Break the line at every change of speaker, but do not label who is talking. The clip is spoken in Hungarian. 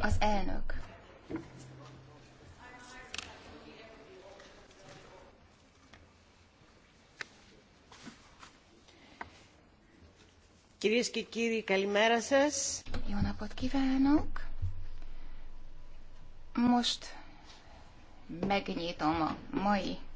Az elnök.
Κυρίες και κύριοι, Jó napot kívánok! Most
megnyitom a mai